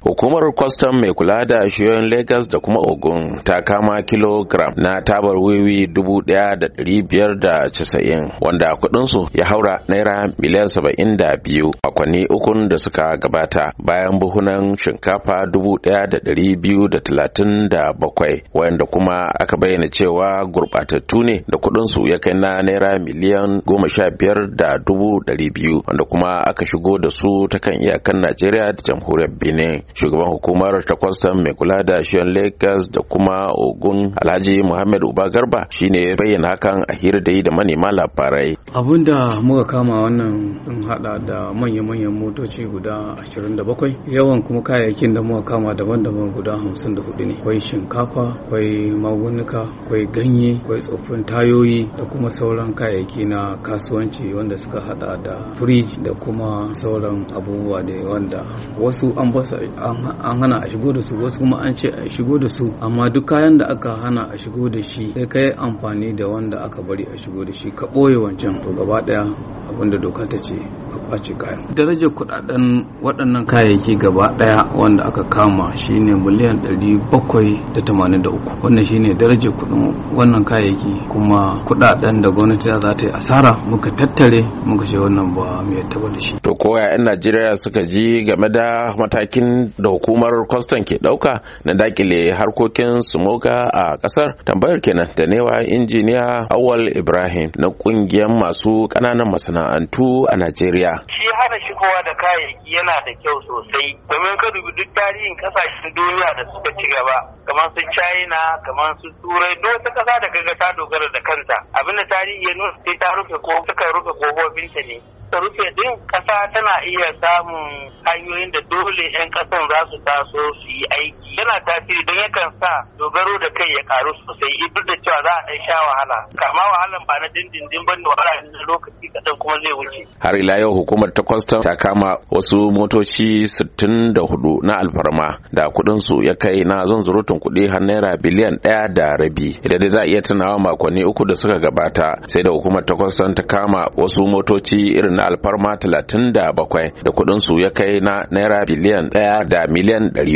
hukumar kwastam mai kula da shiyoyin lagos da kuma ogun ta kama kilogram na tabar wiwi 1,590 wanda kudinsu ya haura naira miliyan 72 makonni ukun da suka gabata bayan buhunan shinkafa 1,237 wanda kuma aka bayyana cewa gurbatattu ne da kudinsu ya kai na naira miliyan 15,200 wanda kuma aka shigo da su ta kan iyakan najeriya da jamhuriyar benin shugaban hukumar ta kwastam mai kula da shiyan lagos da kuma ogun alhaji muhammad uba garba shine bayyana hakan a hira da yi da manema labarai abun da muka kama wannan sun hada da manya-manyan motoci guda 27 yawan kuma kayayyakin da muka kama daban-daban guda 54 ne akwai shinkafa akwai magunuka akwai ganye akwai tsoffin tayoyi da kuma sauran kayayyaki na kasuwanci wanda suka hada da firij da kuma sauran abubuwa da wanda wasu an basa an hana a shigo da su wasu kuma an ce a shigo da su amma duk kayan da aka hana a shigo da shi sai ka yi amfani da wanda aka bari a shigo da shi ka ɓoye wancan to gaba ɗaya abinda doka ta ce a kwace kayan darajar kuɗaɗen waɗannan kayayyaki gaba ɗaya wanda aka kama shine miliyan ɗari bakwai da tamanin da uku wannan shine darajar kuɗin wannan kayayyaki kuma kuɗaɗen da gwamnati za ta yi asara muka tattare muka ce wannan ba mu yadda ba da shi koya 'yan najeriya suka ji game da matakin da hukumar kwastan ke dauka na dakile harkokin sumoka a kasar tambayar kenan da newa injiniya awal ibrahim na kungiyar masu kananan masana'antu a najeriya hana shigowa da kayayyaki yana da kyau sosai domin ka dubi duk tarihin kasashen duniya da suka ci gaba kamar su china kamar su turai duk wata kasa da kaga ta dogara da kanta da tarihi ya nuna sai ta rufe ko suka rufe kofofinta ne ta rufe din kasa tana iya samun hanyoyin da dole 'yan kasan za su taso su yi aiki yana tasiri don yakan sa dogaro da kai ya karu sosai duk da cewa za a ɗan sha wahala kama wahalan ba na dindindin ba ne wahala na lokaci kaɗan kuma zai wuce har ila yau hukumar ta kwastam ta kama wasu motoci 64 na alfarma da kudin su ya kai na zanzurutun kuɗi har naira biliyan ɗaya da rabi idan dai za a iya tunawa makonni uku da suka gabata sai da hukumar ta kwastam ta kama wasu motoci irin na alfarma 37 da kudin su ya kai na naira biliyan ɗaya da miliyan ɗari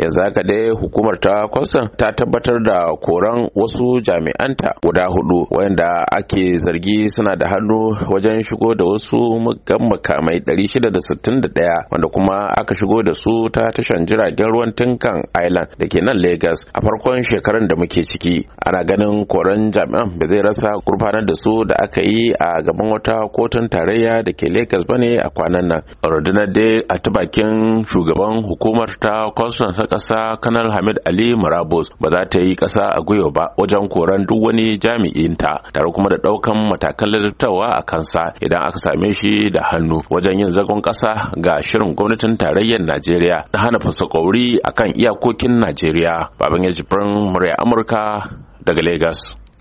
yanzu haka dai hukumar ta kwastam ta tabbatar da koran wasu jami'anta guda hudu wayanda ake zargi suna da hannu wajen shigo da wasu makaman mai 661 wanda kuma aka shigo da su ta tashan jiragen ruwan tinkan island da ke nan lagos a farkon shekarun da muke ciki ana ganin koren jami'an ba zai rasa gurfanar da su da aka yi a gaban wata kotun tarayya da ke lagos ne a kwanan nan rundunar dai a ta shugaban hukumar ta kwastan ta kasa kanal hamid ali Marabus ba za ta yi kasa a gwiwa ba wajen koren duk wani jami'in ta tare kuma da daukan matakan ladabtarwa a kansa idan aka same shi da hannu wajen yin zagon ƙasa ga shirin gwamnatin tarayyar Najeriya na hana fasakauri akan iyakokin Najeriya. Baban ya murya Amurka daga Legas.